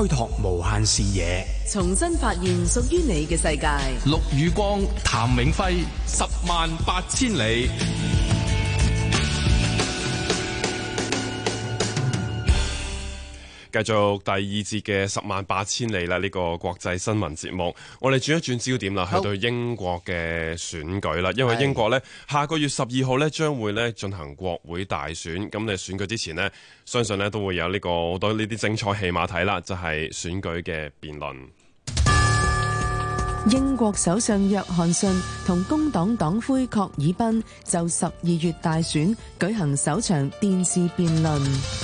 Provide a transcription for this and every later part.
開拓無限視野，重新發現屬於你嘅世界。陸雨光、譚永輝，十萬八千里。繼續第二節嘅十萬八千里啦！呢、這個國際新聞節目，我哋轉一轉焦點啦，係對好英國嘅選舉啦。因為英國呢，的下個月十二號呢，將會呢進行國會大選。咁你選舉之前呢，相信呢都會有呢、這個好多呢啲精彩戲碼睇啦，就係、是、選舉嘅辯論。英國首相約翰遜同工黨黨魁霍爾賓就十二月大選舉行首場電視辯論。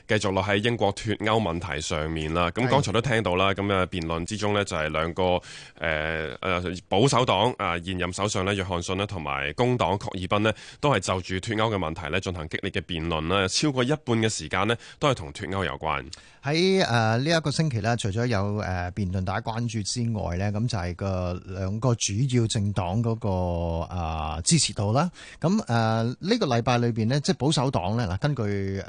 繼續落喺英國脫歐問題上面啦，咁剛才都聽到啦，咁啊辯論之中呢，就係兩個誒誒保守黨啊現任首相咧約翰遜咧同埋工黨郝爾彬呢都係就住脫歐嘅問題咧進行激烈嘅辯論啦，超過一半嘅時間呢，都係同脫歐有關。喺誒呢一個星期呢，除咗有誒辯論大家關注之外呢，咁就係個兩個主要政黨嗰個啊支持度啦。咁誒呢個禮拜裏邊呢，即係保守黨呢嗱，根據誒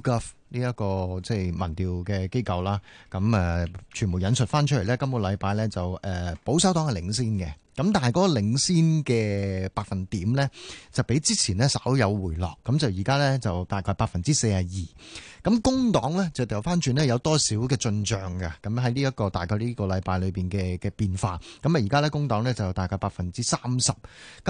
YouGov。呢一個即係民調嘅機構啦，咁誒全部引述翻出嚟咧，今個禮拜咧就誒保守黨係領先嘅，咁但係嗰個領先嘅百分點咧就比之前咧稍有回落，咁就而家咧就大概百分之四十二。咁工黨咧就掉翻轉咧有多少嘅進帳嘅？咁喺呢一個大概呢個禮拜裏邊嘅嘅變化，咁啊而家咧工黨咧就大概百分之三十。咁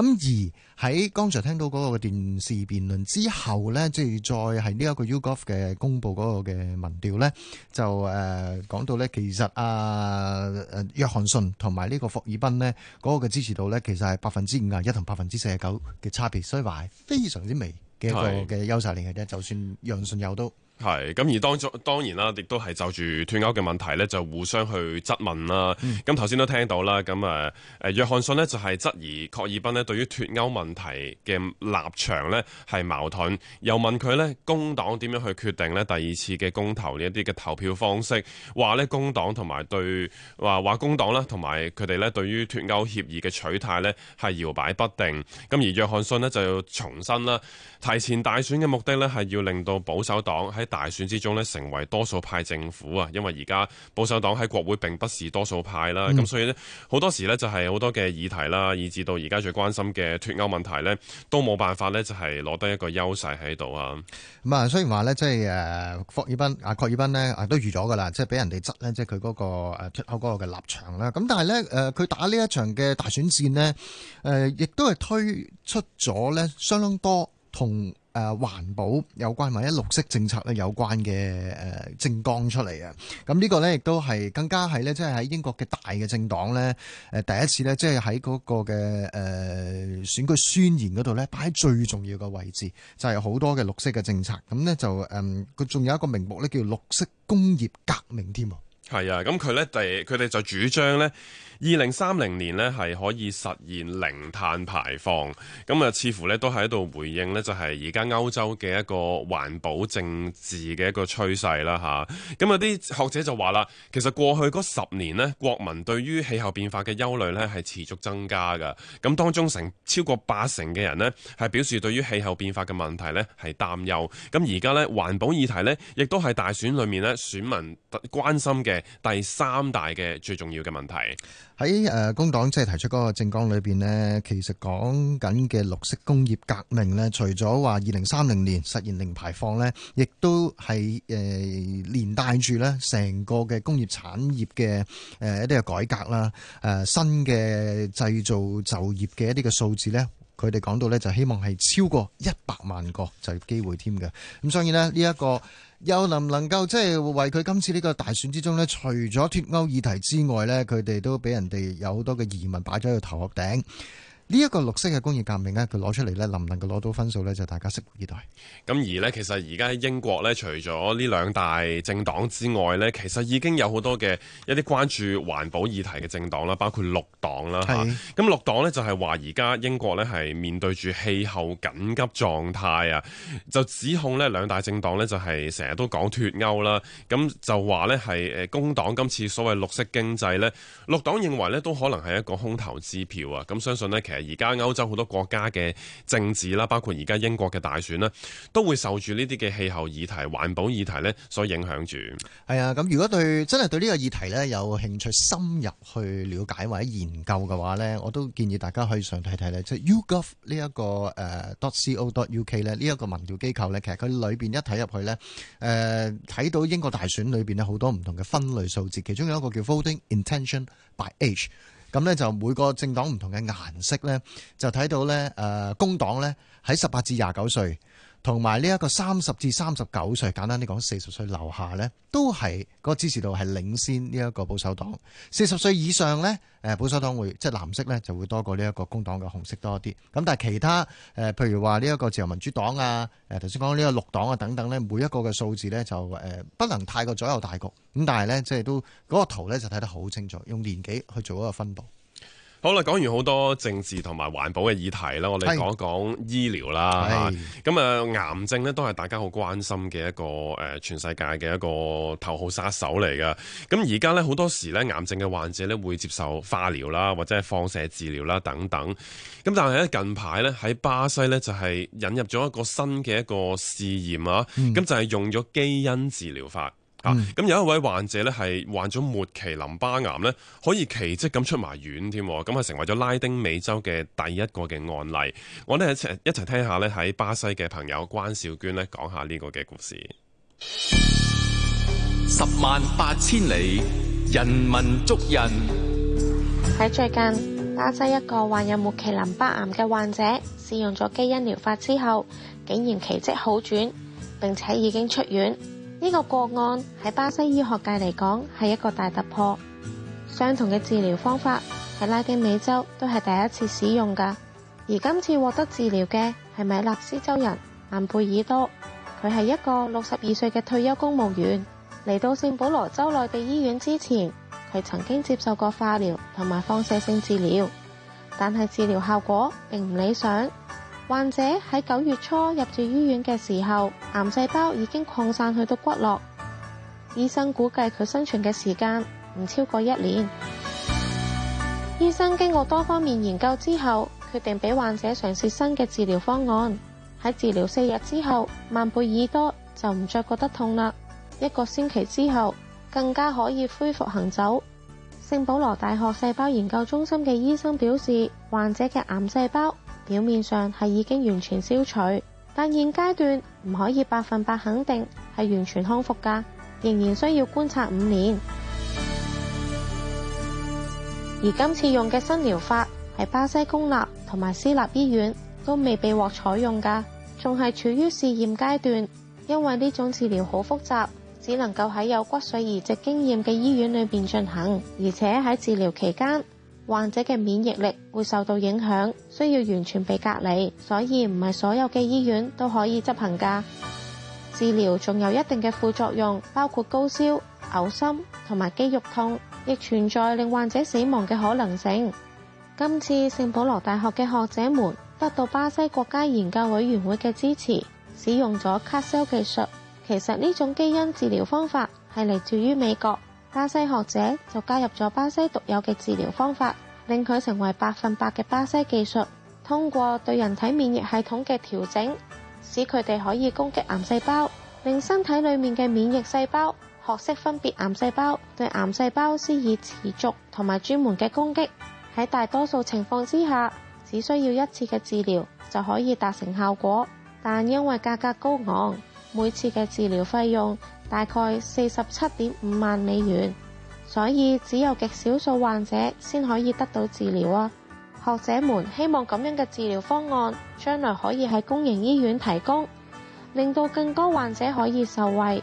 而喺剛才聽到嗰個電視辯論之後咧，即係再係呢一個 YouGov 嘅公佈嗰個嘅民調咧，就誒講到咧其實阿誒約翰遜同埋呢個霍爾賓咧嗰個嘅支持度咧，其實係百分之五十一同百分之四十九嘅差別，所以話係非常之微嘅一個嘅優勢嚟嘅啫。就算讓信有都。係，咁而當中當然啦，亦都係就住脱歐嘅問題咧，就互相去質問啦。咁頭先都聽到啦，咁誒誒約翰遜呢，就係質疑確爾賓咧對於脱歐問題嘅立場呢係矛盾，又問佢呢，工黨點樣去決定呢第二次嘅公投呢？一啲嘅投票方式，話呢工黨同埋對話話工黨啦，同埋佢哋呢對於脱歐協議嘅取態呢係搖擺不定。咁而約翰遜呢，就要重申啦，提前大選嘅目的呢，係要令到保守黨喺大選之中咧，成為多數派政府啊，因為而家保守黨喺國會並不是多數派啦，咁、嗯、所以咧好多時呢，就係好多嘅議題啦，以至到而家最關心嘅脱歐問題呢，都冇辦法呢，就係攞得一個優勢喺度啊。咁啊、嗯，雖然話呢，即係誒霍爾濱啊，郭爾濱呢，啊都預咗㗎喇，即係俾人哋窒、就是、呢，即係佢嗰個誒脱歐嗰個嘅立場啦。咁但係呢，誒，佢打呢一場嘅大選戰呢，誒、呃、亦都係推出咗呢相當多同誒環保有關或者綠色政策咧有關嘅誒政綱出嚟啊，咁呢個咧亦都係更加係咧，即係喺英國嘅大嘅政黨咧誒第一次咧，即係喺嗰個嘅誒選舉宣言嗰度咧擺喺最重要嘅位置，就係好多嘅綠色嘅政策咁咧就誒佢仲有一個名目咧叫綠色工業革命添喎，係啊，咁佢咧第佢哋就主張咧。二零三零年呢，係可以實現零碳排放。咁啊，似乎呢都喺度回應呢就係而家歐洲嘅一個環保政治嘅一個趨勢啦，吓，咁啊，啲學者就話啦，其實過去嗰十年呢，國民對於氣候變化嘅憂慮呢係持續增加嘅。咁當中成超過八成嘅人呢係表示對於氣候變化嘅問題呢係擔憂。咁而家呢，環保議題呢亦都係大選裏面呢，選民關心嘅第三大嘅最重要嘅問題。喺誒工黨即係提出嗰個政綱裏邊呢，其實講緊嘅綠色工業革命咧，除咗話二零三零年實現零排放咧，亦都係誒連帶住咧成個嘅工業產業嘅誒一啲嘅改革啦，誒新嘅製造就業嘅一啲嘅數字咧，佢哋講到咧就希望係超過一百萬個就業機會添嘅。咁所以呢，呢一個。又能唔能夠即係為佢今次呢個大選之中呢，除咗脫歐議題之外呢，佢哋都俾人哋有好多嘅疑問擺咗喺頭殼頂。呢一個綠色嘅工業革命咧，佢攞出嚟咧，能唔能夠攞到分數呢？就大家拭目以待。咁而呢，其實而家喺英國呢，除咗呢兩大政黨之外呢，其實已經有好多嘅一啲關注環保議題嘅政黨啦，包括綠黨啦咁、啊是嗯、綠黨呢，就係話而家英國呢，係面對住氣候緊急狀態啊，就指控呢兩大政黨呢，就係成日都講脫歐啦。咁、啊、就話呢，係誒工黨今次所謂綠色經濟呢，綠黨認為呢，都可能係一個空頭支票啊。咁、嗯、相信呢。而家歐洲好多國家嘅政治啦，包括而家英國嘅大選啦，都會受住呢啲嘅氣候議題、環保議題咧所影響住。係啊，咁如果對真係對呢個議題咧有興趣深入去了解或者研究嘅話咧，我都建議大家可以上睇睇咧，即係 YouGov 呢一個誒 dot co dot uk 咧呢一個民調機構咧，其實佢裏邊一睇入去咧，誒睇到英國大選裏邊呢好多唔同嘅分類數字，其中有一個叫 Voting Intention by Age。咁咧就每個政黨唔同嘅顏色咧，就睇到咧，誒工黨咧喺十八至廿九歲。同埋呢一個三十至三十九歲，簡單啲講四十歲樓下呢都係嗰個支持度係領先呢一個保守黨。四十歲以上呢，保守黨會即藍色呢就會多過呢一個工黨嘅紅色多啲。咁但係其他譬如話呢一個自由民主黨啊，誒頭先講呢個綠黨啊等等呢，每一個嘅數字呢就不能太過左右大局。咁但係呢，即係都嗰個圖呢就睇得好清楚，用年紀去做一個分佈。好啦，講完好多政治同埋環保嘅議題啦，我哋講一講醫療啦吓。咁啊，癌症咧都係大家好關心嘅一個誒，全世界嘅一個頭號殺手嚟噶。咁而家咧好多時咧，癌症嘅患者咧會接受化療啦，或者係放射治療啦等等。咁但係咧近排咧喺巴西咧就係引入咗一個新嘅一個試驗啊，咁、嗯、就係用咗基因治療法。咁、嗯啊、有一位患者咧，係患咗末期淋巴癌咧，可以奇跡咁出埋院添，咁啊成為咗拉丁美洲嘅第一個嘅案例。我哋一齊聽一下咧喺巴西嘅朋友關少娟咧講下呢個嘅故事。十萬八千里，人文足印」。喺最近，巴西一個患有末期淋巴癌嘅患者，試用咗基因療法之後，竟然奇跡好轉，並且已經出院。呢個個案喺巴西醫學界嚟講係一個大突破，相同嘅治療方法喺拉丁美洲都係第一次使用噶。而今次獲得治療嘅係米納斯州人曼貝爾多，佢係一個六十二歲嘅退休公務員。嚟到聖保羅州內嘅醫院之前，佢曾經接受過化療同埋放射性治療，但係治療效果並唔理想。患者喺九月初入住醫院嘅時候，癌細胞已經擴散去到骨骼，醫生估計佢生存嘅時間唔超過一年。醫生經過多方面研究之後，決定俾患者嘗試新嘅治療方案。喺治療四日之後，萬貝爾多就唔再覺得痛啦。一個星期之後，更加可以恢復行走。聖保羅大學細胞研究中心嘅醫生表示，患者嘅癌細胞，表面上係已經完全消除，但現階段唔可以百分百肯定係完全康復噶，仍然需要觀察五年。而今次用嘅新療法係巴西公立同埋私立醫院都未被獲採用噶，仲係處於試驗階段，因為呢種治療好複雜，只能夠喺有骨髓移植經驗嘅醫院裏面進行，而且喺治療期間。患者嘅免疫力會受到影響，需要完全被隔離，所以唔係所有嘅醫院都可以執行㗎。治療仲有一定嘅副作用，包括高燒、嘔心同埋肌肉痛，亦存在令患者死亡嘅可能性。今次聖保羅大學嘅學者們得到巴西國家研究委員會嘅支持，使用咗 Cas9 技術。其實呢種基因治療方法係嚟自於美國。巴西學者就加入咗巴西獨有嘅治療方法，令佢成為百分百嘅巴西技術。通過對人體免疫系統嘅調整，使佢哋可以攻擊癌細胞，令身體裏面嘅免疫細胞學識分別癌細胞，對癌細胞施以持續同埋專門嘅攻擊。喺大多數情況之下，只需要一次嘅治療就可以達成效果，但因為價格高昂，每次嘅治療費用，大概四十七點五萬美元，所以只有極少數患者先可以得到治療啊。學者們希望咁樣嘅治療方案將來可以喺公營醫院提供，令到更多患者可以受惠。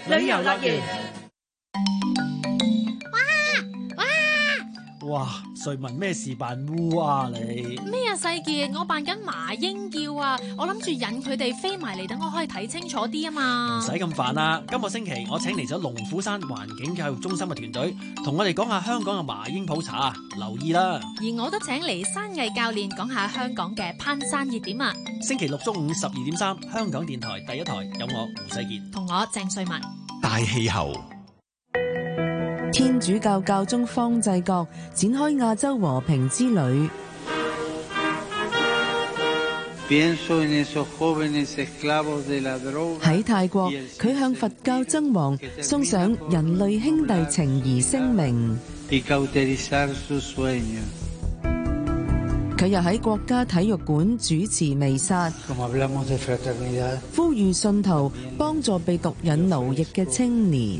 旅遊樂園。哇！瑞文，咩事扮烏啊你？咩啊，世傑，我扮緊麻鷹叫啊！我諗住引佢哋飛埋嚟，等我可以睇清楚啲啊嘛！唔使咁煩啦，今個星期我請嚟咗龍虎山環境教育中心嘅團隊，同我哋講下香港嘅麻鷹普查，留意啦。而我都請嚟山藝教練講下香港嘅攀山熱點啊！星期六中午十二點三，3, 香港電台第一台有我胡世傑同我鄭瑞文大氣候。天主教教宗方濟各展開亞洲和平之旅。喺泰國，佢向佛教僧王送上人類兄弟情誼聲明。佢又喺國家體育館主持彌撒，呼籲信徒幫助被毒癮奴役嘅青年。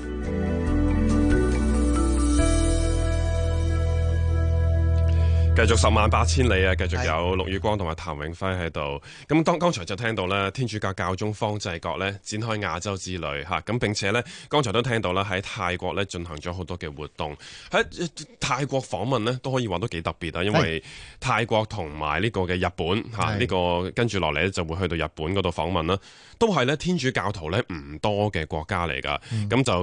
繼續十萬八千里啊！繼續有陸宇光同埋譚永輝喺度。咁當剛才就聽到咧，天主教教宗方濟各咧展開亞洲之旅，吓咁，並且咧剛才都聽到啦，喺泰國咧進行咗好多嘅活動。喺泰國訪問呢都可以話都幾特別啊，因為泰國同埋呢個嘅日本吓，呢是、啊這個跟住落嚟就會去到日本嗰度訪問啦，都係咧天主教徒咧唔多嘅國家嚟噶。咁、嗯、就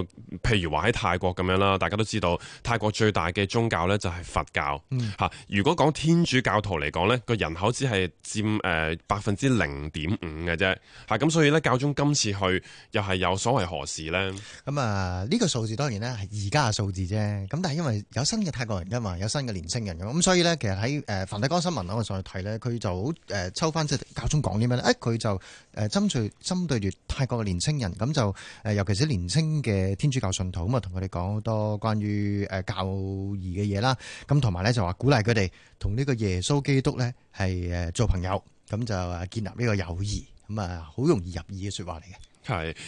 譬如話喺泰國咁樣啦，大家都知道泰國最大嘅宗教咧就係佛教吓。嗯如果講天主教徒嚟講呢個人口只係佔誒百分之零點五嘅啫，嚇咁所以呢，教宗今次去又係有所謂何事呢？咁啊呢個數字當然呢係而家嘅數字啫，咁但係因為有新嘅泰國人㗎嘛，有新嘅年青人咁，咁所以呢，其實喺誒《梵蒂岡新聞》我上去睇呢，佢就好抽翻即係教宗講啲咩呢？誒佢就誒針對針對住泰國嘅年青人，咁就誒尤其是年青嘅天主教信徒，咁啊同佢哋講好多關於誒教義嘅嘢啦，咁同埋呢，就話鼓勵佢哋。同呢個耶穌基督咧係誒做朋友，咁就誒建立呢個友誼，咁啊好容易入耳嘅說話嚟嘅。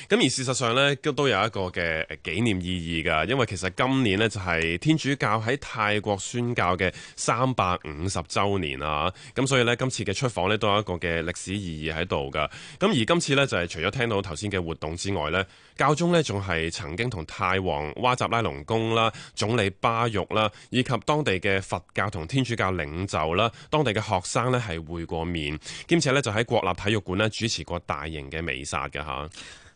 咁而事實上呢都有一個嘅紀念意義㗎，因為其實今年呢就係、是、天主教喺泰國宣教嘅三百五十週年啊，咁所以呢，今次嘅出訪呢都有一個嘅歷史意義喺度㗎。咁、啊、而今次呢，就係、是、除咗聽到頭先嘅活動之外呢，教宗呢仲係曾經同泰王哇扎拉隆功啦、總理巴育啦、啊，以及當地嘅佛教同天主教領袖啦、啊、當地嘅學生呢係會過面，兼且呢就喺國立體育館呢主持過大型嘅彌撒嘅。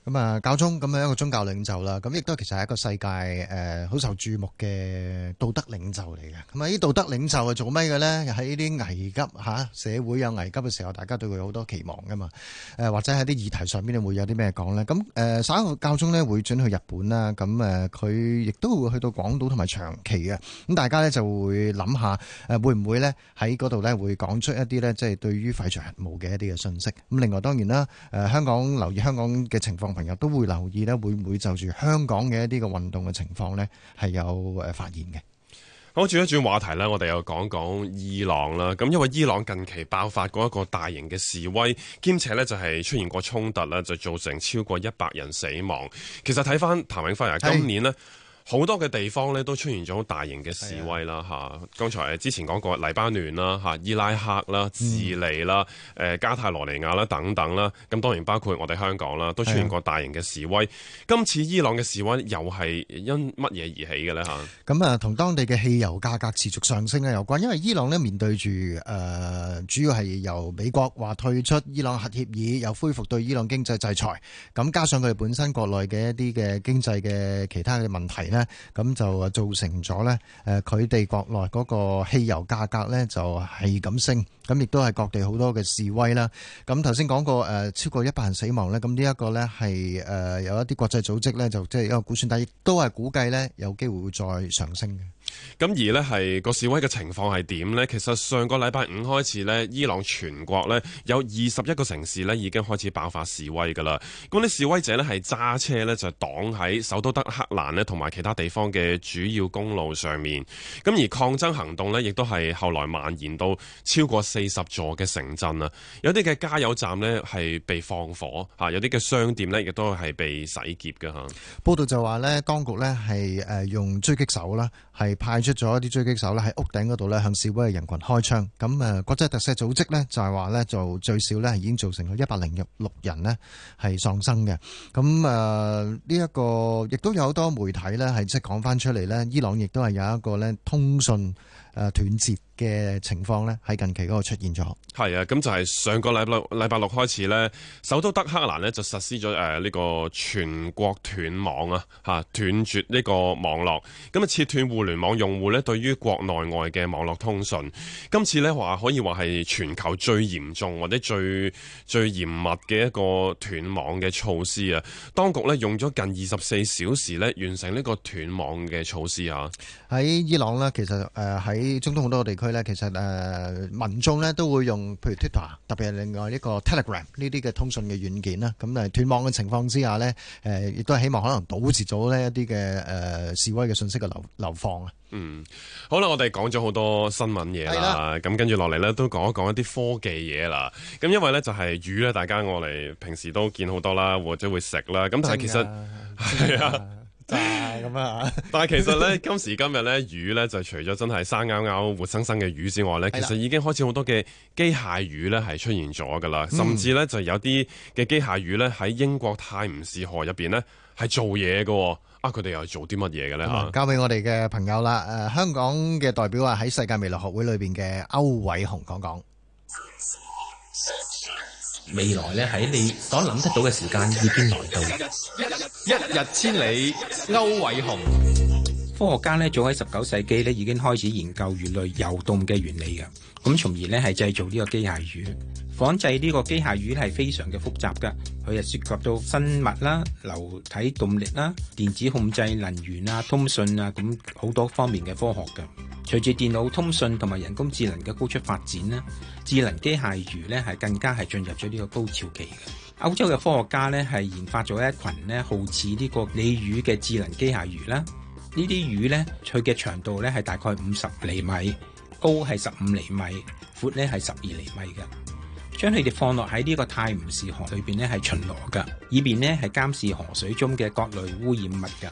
咁啊，教宗咁樣，一個宗教領袖啦，咁亦都其實係一個世界誒，好受注目嘅道德領袖嚟嘅。咁啊，呢道德領袖係，做咩嘅咧？喺呢啲危急吓，社會有危急嘅時候，大家對佢好多期望噶嘛。誒，或者喺啲議題上邊咧，會有啲咩講咧？咁誒，稍後教宗咧會轉去日本啦。咁誒，佢亦都會去到廣島同埋長崎嘅。咁大家咧就會諗下，誒，會唔會咧喺嗰度咧會講出一啲咧，即係對於廢除核武嘅一啲嘅信息。咁另外當然啦，誒，香港留意香港嘅情況。朋友都會留意咧，會唔會就住香港嘅一啲嘅運動嘅情況咧，係有誒發現嘅。好，轉一轉話題呢，我哋又講講伊朗啦。咁因為伊朗近期爆發過一個大型嘅示威，兼且呢就係出現過衝突啦，就造成超過一百人死亡。其實睇返譚永輝啊，今年呢。好多嘅地方咧都出現咗大型嘅示威啦吓剛才之前講過黎巴嫩啦吓伊拉克啦、智利啦、誒、嗯、加泰羅尼亞啦等等啦，咁當然包括我哋香港啦，都出現過大型嘅示威。的今次伊朗嘅示威又係因乜嘢而起嘅咧吓，咁啊，同當地嘅汽油價格持續上升啊有關，因為伊朗咧面對住誒、呃、主要係由美國話退出伊朗核協議又恢復對伊朗經濟制裁，咁加上佢哋本身國內嘅一啲嘅經濟嘅其他嘅問題。咧咁就造成咗呢，誒佢哋國內嗰個汽油價格呢就係咁升，咁亦都係各地好多嘅示威啦。咁頭先講過誒、呃、超過一百人死亡呢。咁呢一個呢係誒有一啲國際組織呢，就即、是、係一個估算，但亦都係估計呢，有機會會再上升嘅。咁而呢係個示威嘅情況係點呢？其實上個禮拜五開始呢，伊朗全國呢有二十一個城市呢已經開始爆發示威噶啦。咁啲示威者呢係揸車呢，就擋喺首都德黑蘭呢，同埋其其他地方嘅主要公路上面，咁而抗爭行動咧，亦都係後來蔓延到超過四十座嘅城鎮啊！有啲嘅加油站咧係被放火吓，有啲嘅商店咧亦都係被洗劫嘅吓。報道就話咧，當局咧係誒用狙擊手啦，係派出咗一啲狙擊手咧喺屋頂嗰度咧向示威嘅人群開槍。咁誒，國際特赦組織咧就係話咧就最少咧已經造成咗一百零六人咧係喪生嘅。咁誒呢一個亦都有好多媒體咧。係即係講翻出嚟咧，伊朗亦都係有一個咧通訊誒斷絕，嘅情況呢，喺近期嗰個出現咗。係啊，咁就係上個禮拜禮拜六開始呢，首都德黑蘭呢就實施咗誒呢個全國斷網啊，嚇斷絕呢個網絡。咁、嗯、啊，切斷互聯網用戶呢對於國內外嘅網絡通訊。今次呢話可以話係全球最嚴重或者最最嚴密嘅一個斷網嘅措施啊。當局呢用咗近二十四小時呢完成呢個斷網嘅措施啊。喺伊朗呢，其實誒喺、呃、中東好多地區。佢咧，其實誒、呃、民眾咧都會用，譬如 Twitter，特別係另外一個 Telegram 呢啲嘅通訊嘅軟件啦。咁誒斷網嘅情況之下咧，誒、呃、亦都係希望可能阻截咗呢一啲嘅誒示威嘅信息嘅流流放啊。嗯，好啦，我哋講咗好多新聞嘢啦，咁跟住落嚟咧都講一講一啲科技嘢啦。咁因為咧就係、是、魚咧，大家我哋平時都見好多啦，或者會食啦。咁但係其實係啊。咁啊！但係其實咧，今時今日咧，魚咧就除咗真係生咬咬、活生生嘅魚之外咧，是的 其實已經開始好多嘅機械魚咧係出現咗噶啦。嗯、甚至咧就有啲嘅機械魚咧喺英國泰晤士河入邊咧係做嘢噶、哦。啊，佢哋又係做啲乜嘢嘅咧？交俾我哋嘅朋友啦。誒、呃，香港嘅代表啊，喺世界未來學會裏邊嘅區煒洪講講。 未來咧喺你所諗得到嘅時間已經來到，一日千里，區煒洪。科學家咧早喺十九世紀咧已經開始研究魚類游動嘅原理嘅，咁從而咧係製造呢個機械魚。仿製呢個機械魚係非常嘅複雜㗎，佢係涉及到生物啦、流體動力啦、電子控制、能源啊、通訊啊，咁好多方面嘅科學㗎。隨住電腦通訊同埋人工智能嘅高速發展呢，智能機械魚呢係更加係進入咗呢個高潮期嘅。歐洲嘅科學家呢係研發咗一群呢，好似呢個鯉魚嘅智能機械魚啦。呢啲魚呢，佢嘅長度呢係大概五十厘米，高係十五厘米，闊呢係十二厘米嘅。將佢哋放落喺呢個泰晤士河裏邊呢係巡邏噶，以便呢係監視河水中嘅各類污染物噶。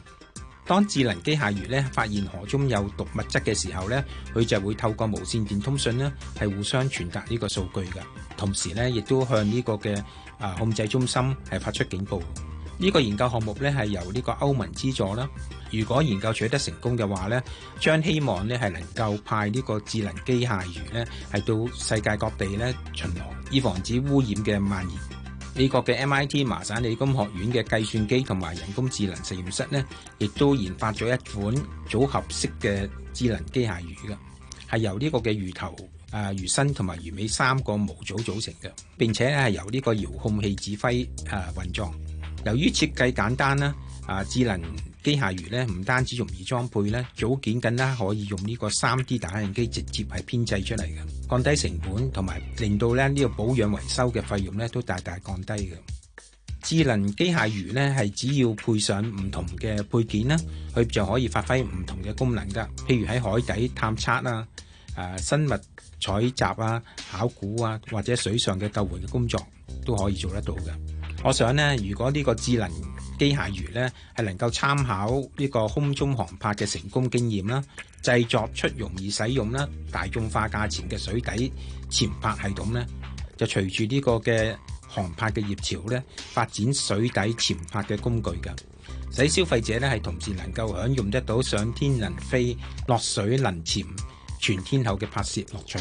當智能機械魚呢發現河中有毒物質嘅時候呢，佢就會透過無線電通訊呢係互相傳達呢個數據噶，同時呢，亦都向呢個嘅啊控制中心係發出警報。呢個研究項目呢，係由呢個歐盟資助啦。如果研究取得成功嘅話，咧，將希望咧係能夠派呢個智能機械魚咧，係到世界各地咧巡邏，以防止污染嘅蔓延。美國嘅 MIT 麻省理工學院嘅計算機同埋人工智能實驗室咧，亦都研發咗一款組合式嘅智能機械魚嘅，係由呢個嘅魚頭、啊魚身同埋魚尾三個模組組成嘅，並且咧係由呢個遙控器指揮啊運作。由於設計簡單啊！智能機械魚咧唔單止容易裝配咧，組件更加可以用呢個三 D 打印機直接係編製出嚟嘅，降低成本同埋令到咧呢個保養維修嘅費用咧都大大降低嘅。智能機械魚咧係只要配上唔同嘅配件啦，佢就可以發揮唔同嘅功能噶。譬如喺海底探測啊、誒生物採集啊、考古啊或者水上嘅救援嘅工作都可以做得到嘅。我想呢，如果呢個智能機械魚咧係能夠參考呢個空中航拍嘅成功經驗啦，製作出容易使用啦、大眾化價錢嘅水底潛拍系統咧，就隨住呢個嘅航拍嘅熱潮咧，發展水底潛拍嘅工具嘅，使消費者咧係同時能夠享用得到上天能飛、落水能潛、全天候嘅拍攝樂趣。